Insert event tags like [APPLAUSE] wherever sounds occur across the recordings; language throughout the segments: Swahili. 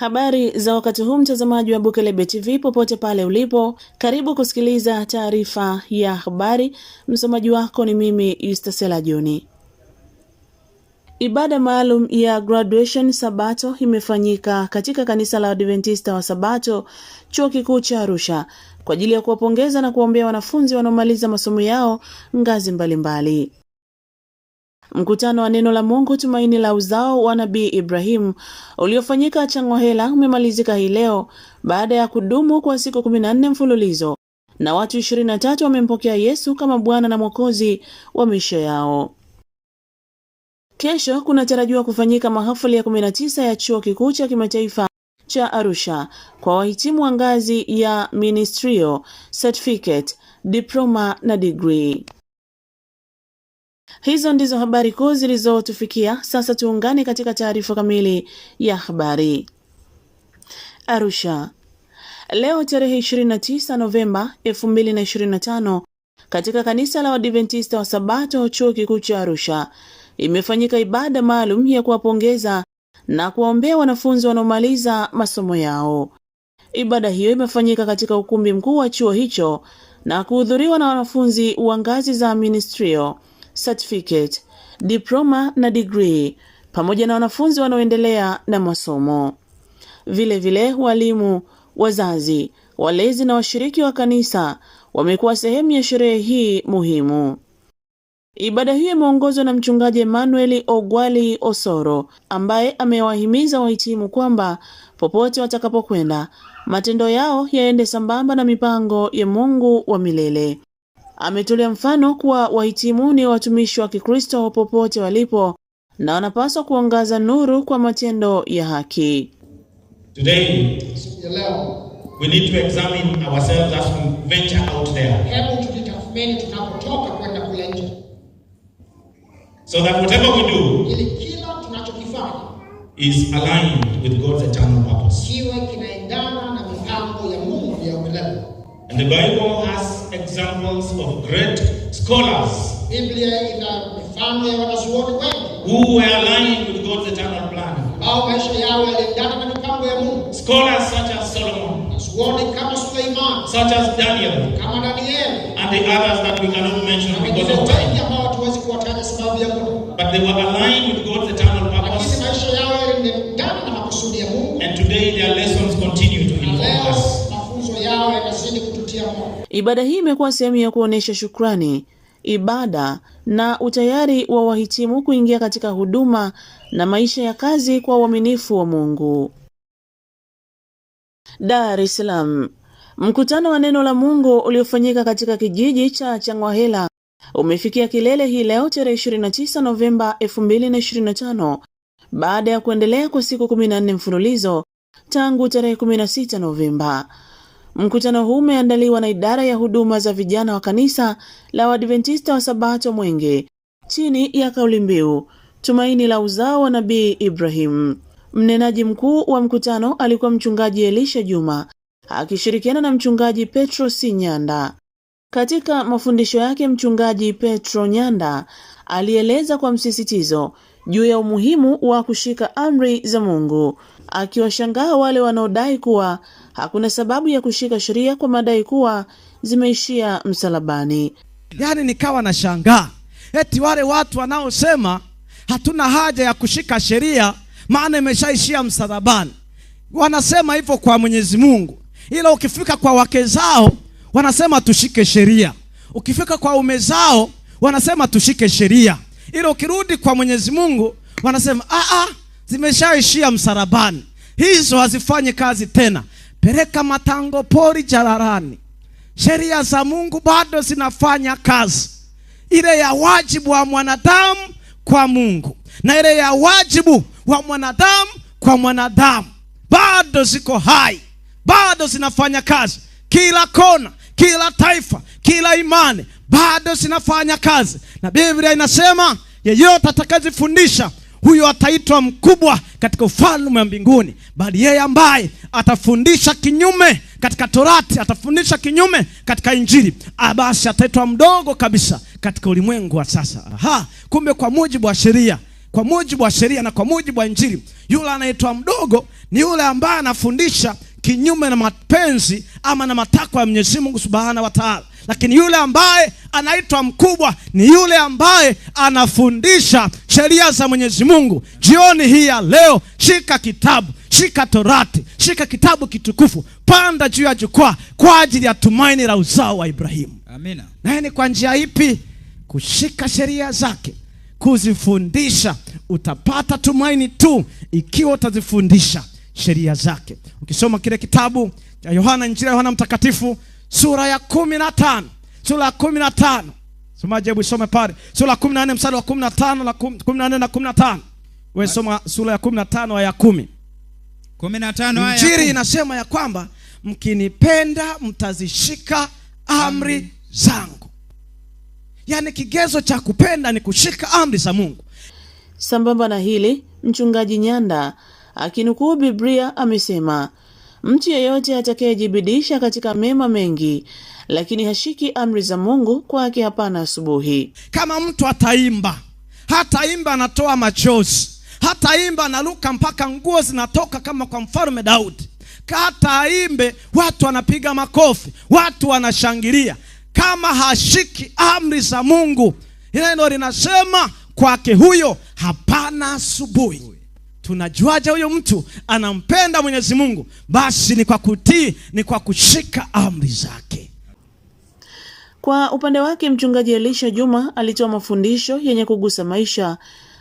Habari za wakati huu, mtazamaji wa Bukelebe TV popote pale ulipo, karibu kusikiliza taarifa ya habari. Msomaji wako ni mimi Yustasela Joni. Ibada maalum ya graduation Sabato imefanyika katika kanisa la Adventista wa Sabato chuo kikuu cha Arusha kwa ajili ya kuwapongeza na kuwaombea wanafunzi wanaomaliza masomo yao ngazi mbalimbali mbali. Mkutano wa neno la Mungu tumaini la uzao wa Nabii Ibrahimu uliofanyika Chang'wahela umemalizika hii leo baada ya kudumu kwa siku 14 mfululizo na watu 23 wamempokea Yesu kama Bwana na Mwokozi wa maisha yao. Kesho kunatarajiwa kufanyika mahafali ya 19 ya Chuo Kikuu cha Kimataifa cha Arusha kwa wahitimu wa ngazi ya ministrio, certificate, diploma na degree. Hizo ndizo habari kuu zilizotufikia sasa. Tuungane katika taarifa kamili ya habari. Arusha leo tarehe 29 Novemba 2025 katika kanisa la Wadventista wa Sabato chuo kikuu cha Arusha imefanyika ibada maalum ya kuwapongeza na kuwaombea wanafunzi wanaomaliza masomo yao. Ibada hiyo imefanyika katika ukumbi mkuu wa chuo hicho na kuhudhuriwa na wanafunzi wa ngazi za ministrio certificate, diploma na degree pamoja na wanafunzi wanaoendelea na masomo. Vilevile, walimu, wazazi, walezi na washiriki wa kanisa wamekuwa sehemu ya sherehe hii muhimu. Ibada hiyo imeongozwa na Mchungaji Emmanuel Ogwali Osoro ambaye amewahimiza wahitimu kwamba popote watakapokwenda matendo yao yaende sambamba na mipango ya Mungu wa milele. Ametolea mfano kuwa wahitimu ni watumishi wa Kikristo popote walipo na wanapaswa kuangaza nuru kwa matendo ya haki. Today, we need to examine ourselves as we venture out there. Hebu tujitathmini tunapotoka kwenda kule nje. So that whatever we do, ili kila tunachokifanya is aligned with God's eternal purpose. Kiwe kina And the Bible has examples of great scholars who were aligned with God's eternal plan. Scholars such as Solomon, such as Daniel, and the others that we cannot mention because of time. But they were aligned with God's eternal purpose. And today their lessons continue to inform us. Ibada hii imekuwa sehemu ya kuonesha shukrani, ibada na utayari wa wahitimu kuingia katika huduma na maisha ya kazi kwa uaminifu wa Mungu. Dar es Salaam. Mkutano wa neno la Mungu uliofanyika katika kijiji cha Changwahela umefikia kilele hii leo tarehe 29 Novemba 2025 baada ya kuendelea kwa siku 14 mfululizo tangu tarehe 16 Novemba. Mkutano huu umeandaliwa na idara ya huduma za vijana wa kanisa la Waadventista wa Sabato Mwenge chini ya kauli mbiu tumaini la uzao wa Nabii Ibrahim. Mnenaji mkuu wa mkutano alikuwa Mchungaji Elisha Juma akishirikiana na Mchungaji Petro C. Nyanda. Katika mafundisho yake, Mchungaji Petro Nyanda alieleza kwa msisitizo juu ya umuhimu wa kushika amri za Mungu, akiwashangaa wale wanaodai kuwa hakuna sababu ya kushika sheria kwa madai kuwa zimeishia msalabani. Yaani nikawa na shangaa eti wale watu wanaosema hatuna haja ya kushika sheria maana imeshaishia msalabani, wanasema hivyo kwa Mwenyezi Mungu, ila ukifika kwa wake zao wanasema tushike sheria, ukifika kwa ume zao wanasema tushike sheria, ila ukirudi kwa Mwenyezi Mungu wanasema a a, zimeshaishia msalabani, hizo hazifanyi kazi tena peleka matango pori jalalani. Sheria za Mungu bado zinafanya kazi, ile ya wajibu wa mwanadamu kwa Mungu na ile ya wajibu wa mwanadamu kwa mwanadamu bado ziko hai, bado zinafanya kazi kila kona, kila taifa, kila imani, bado zinafanya kazi, na Biblia inasema yeyote atakazifundisha huyo ataitwa mkubwa katika ufalme wa mbinguni, bali yeye ambaye atafundisha kinyume katika Torati, atafundisha kinyume katika Injili, basi ataitwa mdogo kabisa katika ulimwengu wa sasa. Aha, kumbe kwa mujibu wa sheria kwa mujibu wa sheria na kwa mujibu wa Injili, yule anaitwa mdogo ni yule ambaye anafundisha kinyume na mapenzi ama na matakwa ya Mwenyezi Mungu Subhanahu wa Ta'ala, lakini yule ambaye anaitwa mkubwa ni yule ambaye anafundisha sheria za Mwenyezi Mungu. Jioni hii ya leo, shika kitabu, shika Torati, shika kitabu kitukufu, panda juu ya jukwaa kwa ajili ya tumaini la uzao wa Ibrahimu. Amina. Naye ni kwa njia ipi? Kushika sheria zake kuzifundisha. Utapata tumaini tu ikiwa utazifundisha sheria zake. Ukisoma kile kitabu cha Yohana, njira ya Yohana Mtakatifu sura ya kumi na tano sura ya kumi na tano somaji Hebu isome pale sura ya kumi na nne mstari wa kumi na tano na kumi na nne na kumi na tano Wewe soma sura ya kumi na tano aya ya kumi. Injili inasema ya kwamba mkinipenda mtazishika amri zangu Yaani kigezo cha kupenda ni kushika amri za Mungu. Sambamba na hili, mchungaji Nyanda akinukuu Biblia amesema mtu yeyote atakayejibidisha katika mema mengi lakini hashiki amri za Mungu kwake hapana asubuhi. Kama mtu ataimba, hataimba anatoa machozi, hataimba analuka mpaka nguo zinatoka, kama kwa mfalme Daudi. aimbe watu wanapiga makofi, watu wanashangilia kama hashiki amri za Mungu. Neno linasema kwake huyo hapana asubuhi. Tunajuaje huyo mtu anampenda Mwenyezi Mungu? Basi ni kwa kutii, ni kwa kushika amri zake. Kwa upande wake, mchungaji Elisha Juma alitoa mafundisho yenye kugusa maisha,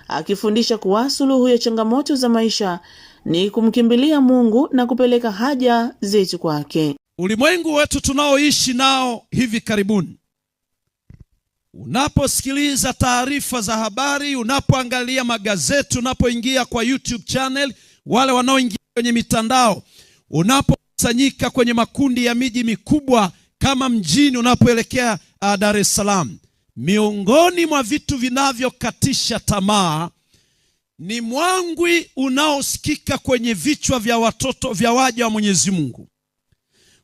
akifundisha kuwa suluhu ya changamoto za maisha ni kumkimbilia Mungu na kupeleka haja zetu kwake ulimwengu wetu tunaoishi nao hivi karibuni, unaposikiliza taarifa za habari, unapoangalia magazeti, unapoingia kwa YouTube channel, wale wanaoingia kwenye mitandao, unapokusanyika kwenye makundi ya miji mikubwa kama mjini unapoelekea uh, Dar es Salaam, miongoni mwa vitu vinavyokatisha tamaa ni mwangwi unaosikika kwenye vichwa vya watoto vya waja wa Mwenyezi Mungu.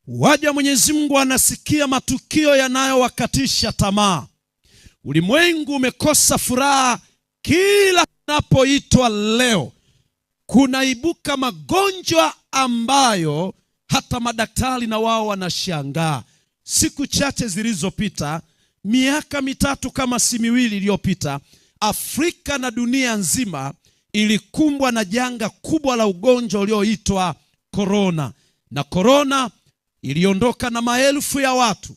Waja Mwenyezi Mungu anasikia matukio yanayowakatisha tamaa. Ulimwengu umekosa furaha, kila inapoitwa leo kunaibuka magonjwa ambayo hata madaktari na wao wanashangaa. Siku chache zilizopita, miaka mitatu kama si miwili iliyopita, Afrika na dunia nzima ilikumbwa na janga kubwa la ugonjwa ulioitwa korona, na korona iliondoka na maelfu ya watu.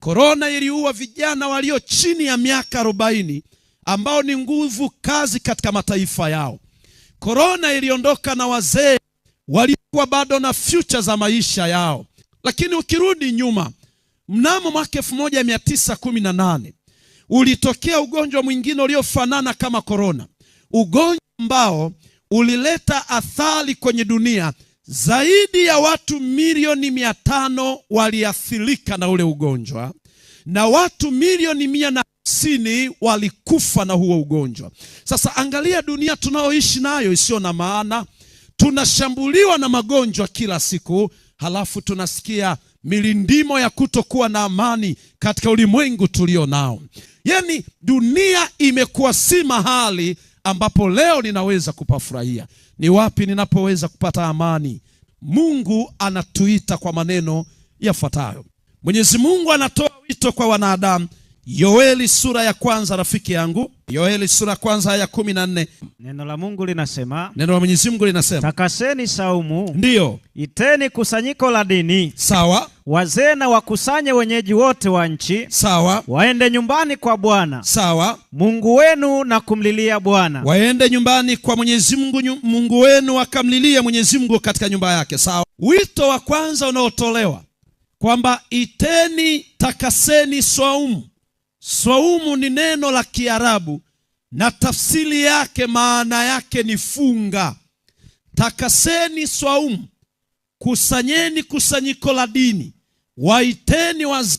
Korona iliua vijana walio chini ya miaka arobaini ambao ni nguvu kazi katika mataifa yao. Korona iliondoka na wazee walikuwa bado na future za maisha yao. Lakini ukirudi nyuma, mnamo mwaka 1918 ulitokea ugonjwa mwingine uliofanana kama korona, ugonjwa ambao ulileta athari kwenye dunia zaidi ya watu milioni mia tano waliathirika na ule ugonjwa na watu milioni mia na hamsini walikufa na huo ugonjwa. Sasa angalia dunia tunayoishi nayo isiyo na maana, tunashambuliwa na magonjwa kila siku, halafu tunasikia milindimo ya kutokuwa na amani katika ulimwengu tulio nao. Yaani dunia imekuwa si mahali ambapo leo ninaweza kupafurahia. Ni wapi ninapoweza kupata amani? Mungu anatuita kwa maneno yafuatayo. Mwenyezi Mungu anatoa wito kwa wanadamu Yoeli sura ya kwanza, rafiki yangu, Yoeli sura kwanza ya kumi na nne. Neno la Mungu linasema, neno la Mwenyezi Mungu linasema, takaseni saumu, ndiyo iteni kusanyiko la dini, sawa, wazee na wakusanye wenyeji wote wa nchi, sawa, waende nyumbani kwa Bwana, sawa, Mungu wenu na kumlilia Bwana, waende nyumbani kwa Mwenyezi Mungu, Mungu wenu akamlilia Mwenyezi Mungu katika nyumba yake, sawa. Wito wa kwanza unaotolewa kwamba iteni, takaseni saumu Swaumu ni neno la Kiarabu na tafsiri yake maana yake ni funga. Takaseni swaumu, kusanyeni kusanyiko la dini, waiteni waz...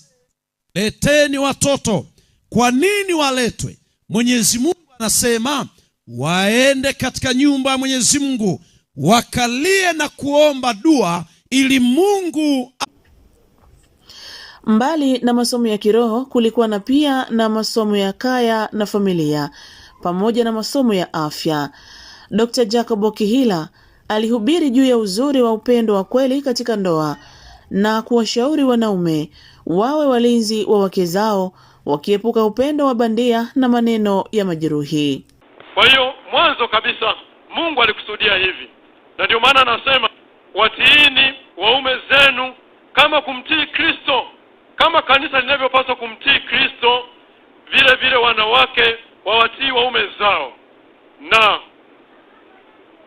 leteni watoto. Kwa nini waletwe? Mwenyezi Mungu anasema waende katika nyumba ya Mwenyezi Mungu wakalie na kuomba dua ili Mungu Mbali na masomo ya kiroho, kulikuwa na pia na masomo ya kaya na familia pamoja na masomo ya afya. Dr. Jacobo Kihila alihubiri juu ya uzuri wa upendo wa kweli katika ndoa na kuwashauri wanaume wawe walinzi wa wake zao, wakiepuka upendo wa bandia na maneno ya majeruhi. Kwa hiyo mwanzo kabisa Mungu alikusudia hivi, na ndio maana anasema watiini waume zenu kama kumtii Kristo kama kanisa linavyopaswa kumtii Kristo vile vile wanawake wawatii waume zao na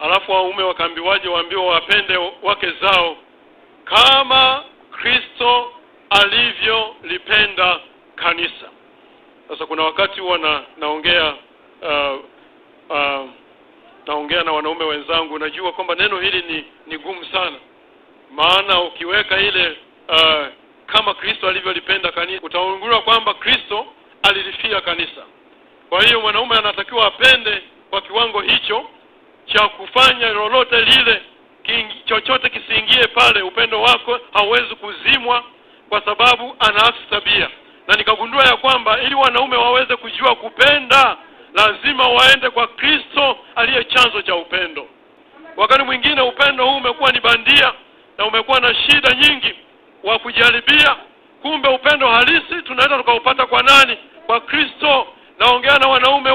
alafu waume wakaambiwaje waambiwa wapende wake zao kama Kristo alivyolipenda kanisa sasa kuna wakati huwa na, naongea uh, uh, naongea na wanaume wenzangu najua kwamba neno hili ni ni gumu sana maana ukiweka ile uh, kama Kristo alivyolipenda kanisa, utaungundua kwamba Kristo alilifia kanisa. Kwa hiyo mwanaume anatakiwa apende kwa kiwango hicho cha kufanya lolote lile, chochote kisiingie pale. Upendo wako hauwezi kuzimwa, kwa sababu ana tabia. Na nikagundua ya kwamba ili wanaume waweze kujua kupenda, lazima waende kwa Kristo aliye chanzo cha upendo. Wakati mwingine upendo huu umekuwa ni bandia na umekuwa na shida nyingi wa kujaribia. Kumbe upendo halisi tunaweza tukaupata kwa nani? Kwa Kristo. Naongea na wanaume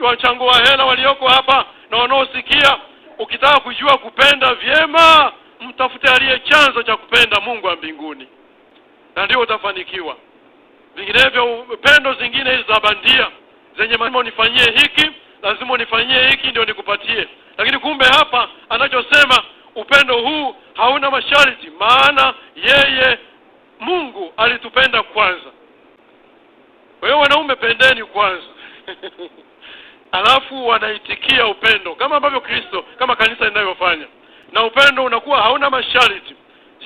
wachango wa, wa, wa hela walioko hapa na wanaosikia. Ukitaka kujua kupenda vyema, mtafute aliye chanzo cha kupenda, Mungu wa mbinguni, na ndio utafanikiwa. Vinginevyo pendo zingine hizi za bandia zenye maneno, unifanyie hiki, lazima unifanyie hiki ndio nikupatie. Lakini kumbe hapa anachosema upendo huu hauna masharti maana yeye mungu alitupenda kwanza kwa hiyo wanaume pendeni kwanza [LAUGHS] alafu wanaitikia upendo kama ambavyo kristo kama kanisa linavyofanya na upendo unakuwa hauna masharti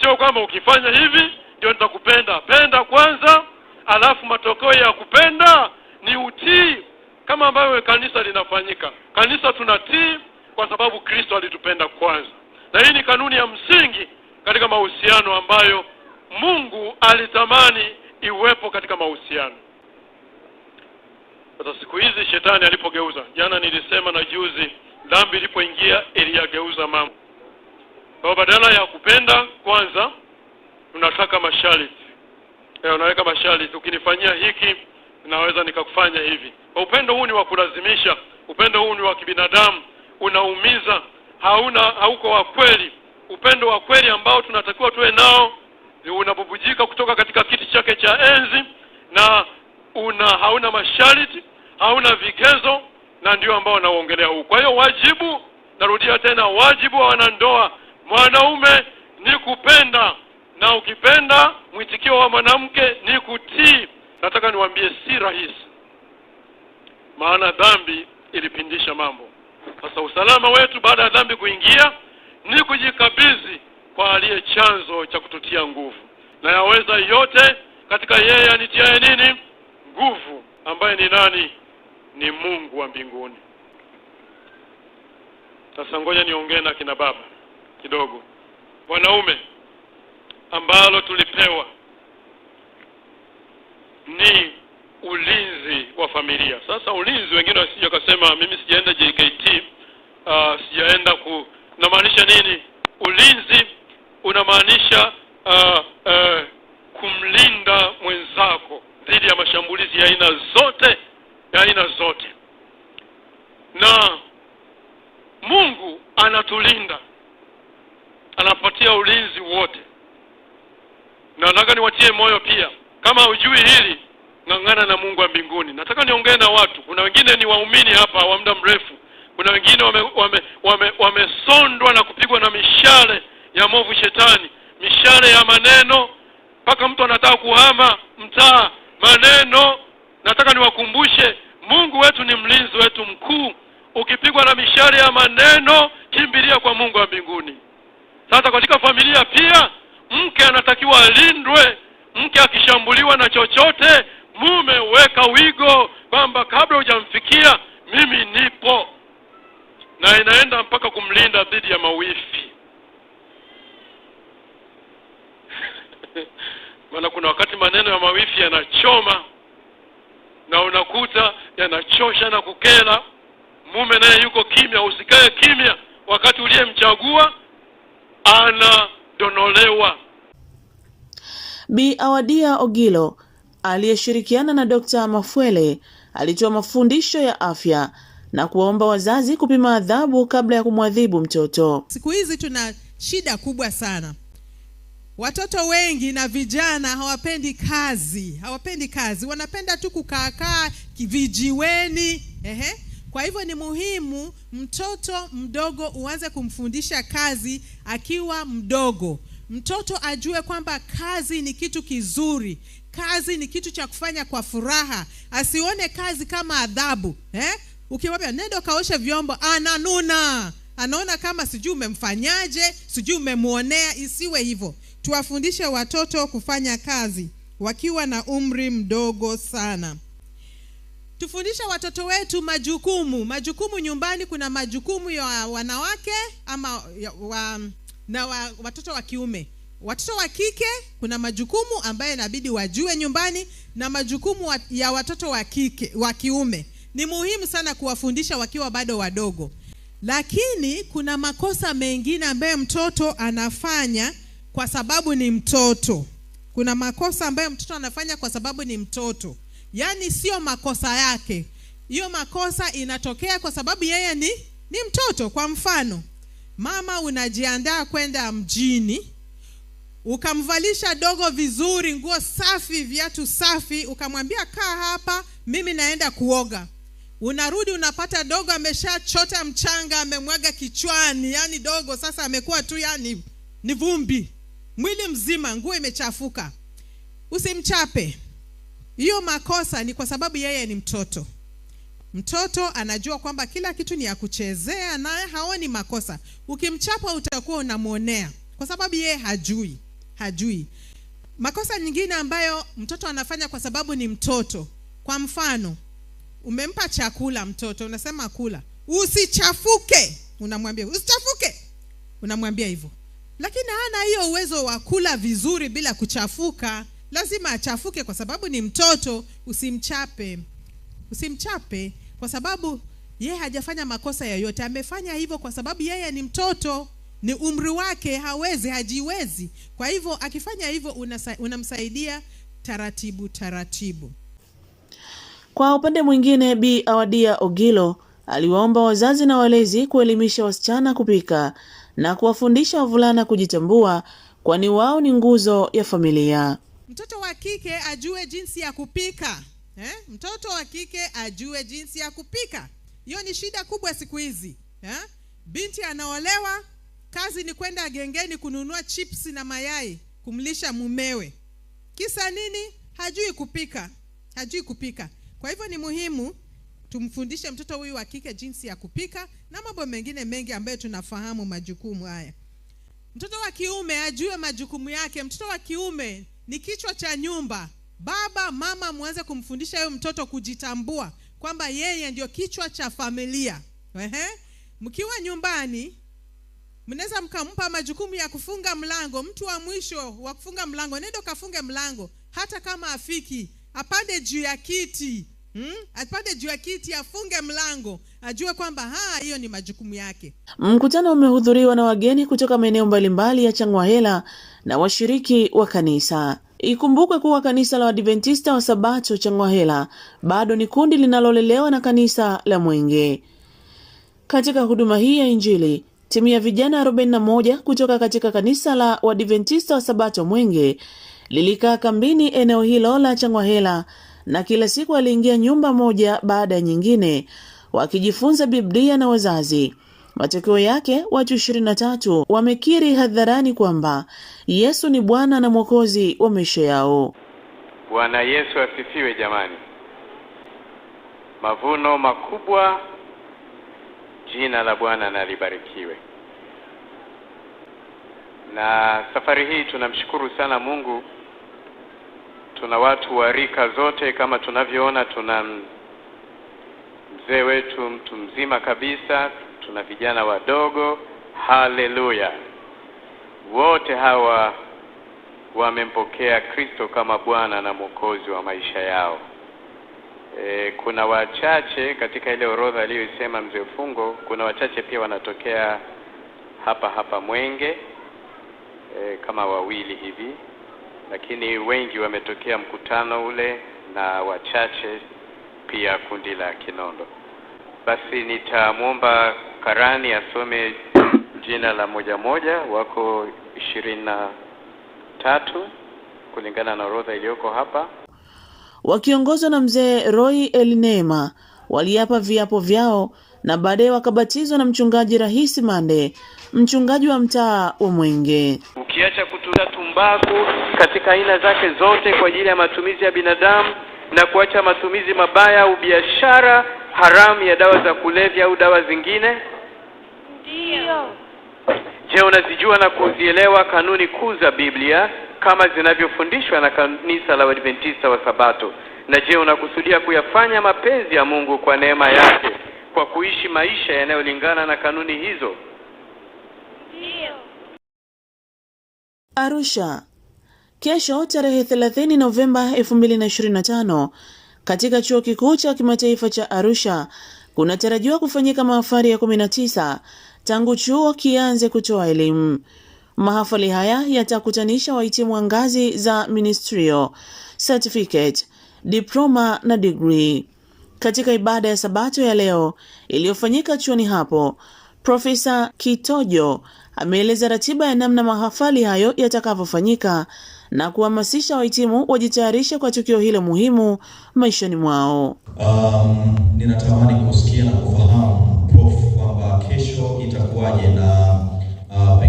sio kwamba ukifanya hivi ndio nitakupenda penda kwanza alafu matokeo ya kupenda ni utii kama ambavyo kanisa linafanyika kanisa tunatii kwa sababu kristo alitupenda kwanza na hii ni kanuni ya msingi katika mahusiano ambayo Mungu alitamani iwepo katika mahusiano sasa siku hizi shetani alipogeuza jana nilisema na juzi dhambi ilipoingia iliyageuza mambo kwa badala ya kupenda kwanza tunataka masharti e, unaweka masharti ukinifanyia hiki naweza nikakufanya hivi kwa upendo huu ni wa kulazimisha upendo huu ni wa kibinadamu unaumiza hauna hauko wa kweli upendo wa kweli ambao tunatakiwa tuwe nao unabubujika kutoka katika kiti chake cha enzi na una hauna masharti hauna vigezo na ndio ambao wanaongelea huu kwa hiyo wajibu narudia tena wajibu wa wanandoa mwanaume ni kupenda na ukipenda mwitikio wa mwanamke ni kutii nataka niwaambie si rahisi maana dhambi ilipindisha mambo sasa usalama wetu baada ya dhambi kuingia ni kujikabidhi kwa aliye chanzo cha kututia nguvu, na yaweza yote katika yeye anitiaye nini nguvu, ambaye ni nani? Ni Mungu wa mbinguni. Sasa ngoja niongee na kina baba kidogo, wanaume, ambalo tulipewa ni ulinzi wa familia sasa ulinzi wengine wasije wakasema mimi sijaenda jkt uh, ah, sijaenda ku namaanisha nini ulinzi unamaanisha uh, uh, kumlinda mwenzako dhidi ya mashambulizi ya aina zote ya aina zote na mungu anatulinda anapatia ulinzi wote na nataka niwatie moyo pia kama hujui hili ng'ang'ana na Mungu wa mbinguni. Nataka niongee na watu, kuna wengine ni waumini hapa wa muda mrefu, kuna wengine wamesondwa wame, wame, wame na kupigwa na mishale ya movu shetani, mishale ya maneno mpaka mtu anataka kuhama mtaa maneno. Nataka niwakumbushe, Mungu wetu ni mlinzi wetu mkuu. Ukipigwa na mishale ya maneno, kimbilia kwa Mungu wa mbinguni. Sasa katika familia pia mke anatakiwa alindwe. Mke akishambuliwa na chochote, mume weka wigo kwamba kabla hujamfikia mimi nipo na inaenda mpaka kumlinda dhidi ya mawifi [LAUGHS] maana kuna wakati maneno ya mawifi yanachoma na unakuta yanachosha na kukera mume naye yuko kimya usikae kimya wakati uliyemchagua anadonolewa Bi Awadia Ogilo aliyeshirikiana na Dr. Mafwele alitoa mafundisho ya afya na kuwaomba wazazi kupima adhabu kabla ya kumwadhibu mtoto. Siku hizi tuna shida kubwa sana, watoto wengi na vijana hawapendi kazi, hawapendi kazi, wanapenda tu kukaakaa vijiweni. Ehe. Kwa hivyo ni muhimu mtoto mdogo uanze kumfundisha kazi akiwa mdogo, mtoto ajue kwamba kazi ni kitu kizuri, kazi ni kitu cha kufanya kwa furaha, asione kazi kama adhabu eh? Ukimwambia nenda ukaoshe vyombo, ananuna, anaona kama sijui umemfanyaje, sijui umemwonea. Isiwe hivyo. Tuwafundishe watoto kufanya kazi wakiwa na umri mdogo sana. Tufundishe watoto wetu majukumu. Majukumu nyumbani, kuna majukumu ya wanawake ama ya, wa, na wa, watoto wa kiume Watoto wa kike kuna majukumu ambayo inabidi wajue nyumbani na majukumu ya watoto wa kike wa kiume ni muhimu sana kuwafundisha wakiwa bado wadogo, lakini kuna makosa mengine ambayo mtoto anafanya kwa sababu ni mtoto. Kuna makosa ambayo mtoto anafanya kwa sababu ni mtoto, yaani sio makosa yake. Hiyo makosa inatokea kwa sababu yeye ni ni mtoto. Kwa mfano, mama, unajiandaa kwenda mjini ukamvalisha dogo vizuri, nguo safi, viatu safi, ukamwambia kaa hapa, mimi naenda kuoga. Unarudi unapata dogo ameshachota mchanga, amemwaga kichwani, yani dogo sasa amekuwa tu yani ni vumbi, mwili mzima, nguo imechafuka. Usimchape. Hiyo makosa ni kwa sababu yeye ni mtoto. Mtoto anajua kwamba kila kitu ni ya kuchezea, naye haoni makosa. Ukimchapa utakuwa unamwonea, kwa sababu yeye hajui hajui. Makosa nyingine ambayo mtoto anafanya kwa sababu ni mtoto, kwa mfano, umempa chakula mtoto, unasema kula, usichafuke, unamwambia usichafuke, unamwambia hivyo, lakini hana hiyo uwezo wa kula vizuri bila kuchafuka. Lazima achafuke kwa sababu ni mtoto. Usimchape, usimchape kwa sababu yeye hajafanya makosa yoyote, amefanya hivyo kwa sababu yeye ni mtoto ni umri wake hawezi hajiwezi kwa hivyo akifanya hivyo unamsaidia una taratibu taratibu kwa upande mwingine bi awadia ogilo aliwaomba wazazi na walezi kuelimisha wasichana kupika na kuwafundisha wavulana kujitambua kwani wao ni nguzo ya familia mtoto wa kike ajue jinsi ya kupika eh? mtoto wa kike ajue jinsi ya kupika hiyo ni shida kubwa siku hizi eh? binti anaolewa kazi ni kwenda gengeni kununua chips na mayai kumlisha mumewe. Kisa nini? Hajui kupika, hajui kupika. Kwa hivyo ni muhimu tumfundishe mtoto huyu wa kike jinsi ya kupika na mambo mengine mengi ambayo tunafahamu majukumu haya. Mtoto wa kiume ajue majukumu yake. Mtoto wa kiume ni kichwa cha nyumba. Baba, mama, mwanze kumfundisha huyo mtoto kujitambua kwamba yeye ndio kichwa cha familia. Ehe. Mkiwa nyumbani mnaweza mkampa majukumu ya kufunga mlango. Mtu wa mwisho wa kufunga mlango, nenda kafunge mlango, hata kama afiki, apande juu ya kiti Hmm? Apande juu ya kiti afunge mlango, ajue kwamba ha hiyo ni majukumu yake. Mkutano umehudhuriwa na wageni kutoka maeneo mbalimbali ya Changwahela na washiriki wa kanisa. Ikumbukwe kuwa kanisa la Waadventista wa Sabato Changwahela bado ni kundi linalolelewa na kanisa la Mwenge. Katika huduma hii ya Injili Timu ya vijana 41 kutoka katika kanisa la Wadventista wa Sabato Mwenge lilikaa kambini eneo hilo la Changwahela na kila siku waliingia nyumba moja baada ya nyingine wakijifunza Biblia na wazazi. Matokeo yake watu 23 wamekiri hadharani kwamba Yesu ni Bwana na Mwokozi wa maisha yao. Bwana Yesu asifiwe jamani. Mavuno makubwa Jina la Bwana na libarikiwe. Na safari hii tunamshukuru sana Mungu, tuna watu wa rika zote, kama tunavyoona, tuna mzee wetu, mtu mzima kabisa, tuna vijana wadogo. Haleluya! Wote hawa wamempokea Kristo kama Bwana na Mwokozi wa maisha yao. E, kuna wachache katika ile orodha aliyoisema mzee Fungo, kuna wachache pia wanatokea hapa hapa Mwenge e, kama wawili hivi, lakini wengi wametokea mkutano ule na wachache pia kundi la Kinondo. Basi nitamwomba Karani asome jina la moja moja, wako ishirini na tatu kulingana na orodha iliyoko hapa wakiongozwa na mzee Roy Elinema waliapa viapo vyao na baadaye wakabatizwa na mchungaji Rahisi Mande, mchungaji wa mtaa wa Mwenge. Ukiacha kutuza tumbaku katika aina zake zote kwa ajili ya matumizi ya binadamu na kuacha matumizi mabaya au biashara haramu ya dawa za kulevya au dawa zingine. ndio Je, unazijua na kuzielewa kanuni kuu za Biblia? kama zinavyofundishwa na kanisa la Waadventista wa Sabato. Na je, unakusudia kuyafanya mapenzi ya Mungu kwa neema yake kwa kuishi maisha yanayolingana na kanuni hizo? Ndiyo. Arusha, kesho tarehe 30 Novemba 2025 katika Chuo Kikuu cha Kimataifa cha Arusha kunatarajiwa kufanyika mahafali ya 19 tangu chuo kianze kutoa elimu. Mahafali haya yatakutanisha wahitimu wa ngazi za ministrio, certificate, diploma na degree. Katika ibada ya Sabato ya leo iliyofanyika chuoni hapo, Profesa Kitojo ameeleza ratiba ya namna mahafali hayo yatakavyofanyika na kuhamasisha wahitimu wajitayarishe kwa tukio hilo muhimu maishani mwao. Um, ninatamani kusikia na kufahamu Prof kwamba kesho itakuwaje na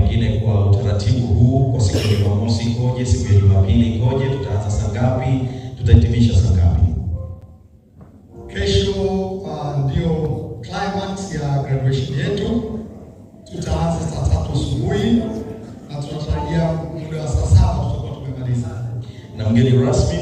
pengine kwa utaratibu huu, kwa siku ya Jumamosi ikoje, siku ya Jumapili ikoje, tutaanza saa ngapi, tutahitimisha saa ngapi? Kesho uh, ndio climax ya graduation yetu. Tutaanza saa tatu asubuhi na tunatarajia muda wa saa saba tutakuwa tumemaliza na mgeni rasmi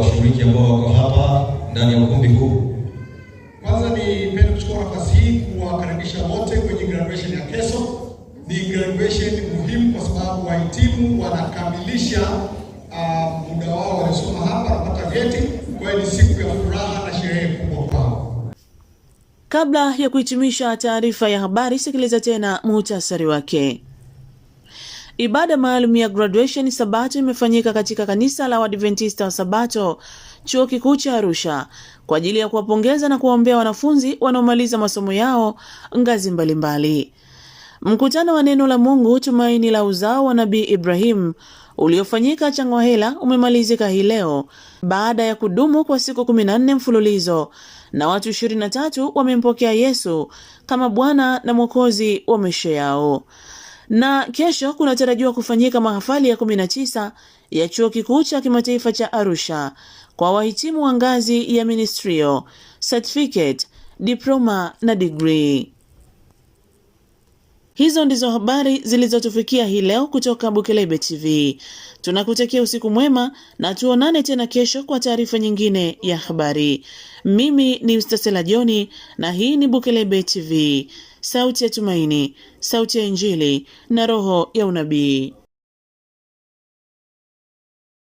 washiriki ambao wako hapa ndani ya ukumbi huu. Kwanza nipende kuchukua nafasi hii kuwakaribisha wote kwenye graduation ya kesho. Ni graduation muhimu kwa sababu wahitimu wanakamilisha uh, muda wao waliosoma hapa, wanapata vyeti. Kwa hiyo ni siku ya furaha na sherehe kubwa kwao. Kabla ya kuhitimisha taarifa ya habari, sikiliza tena muhtasari wake. Ibada maalum ya graduation Sabato imefanyika katika kanisa la Waadventista wa Sabato Chuo Kikuu cha Arusha kwa ajili ya kuwapongeza na kuwaombea wanafunzi wanaomaliza masomo yao ngazi mbalimbali. Mkutano wa neno la Mungu tumaini la uzao wa Nabii Ibrahimu uliofanyika Changwahela umemalizika hii leo baada ya kudumu kwa siku 14 mfululizo na watu 23 wamempokea Yesu kama Bwana na Mwokozi wa maisha yao na kesho kunatarajiwa kufanyika mahafali ya 19 ya Chuo Kikuu cha Kimataifa cha Arusha kwa wahitimu wa ngazi ya ministrio, certificate, diploma na degree. Hizo ndizo habari zilizotufikia hii leo kutoka Bukelebe TV. Tunakutakia usiku mwema na tuonane tena kesho kwa taarifa nyingine ya habari. Mimi ni Mstasela Joni na hii ni Bukelebe TV sauti ya tumaini, sauti ya Injili na roho ya unabii.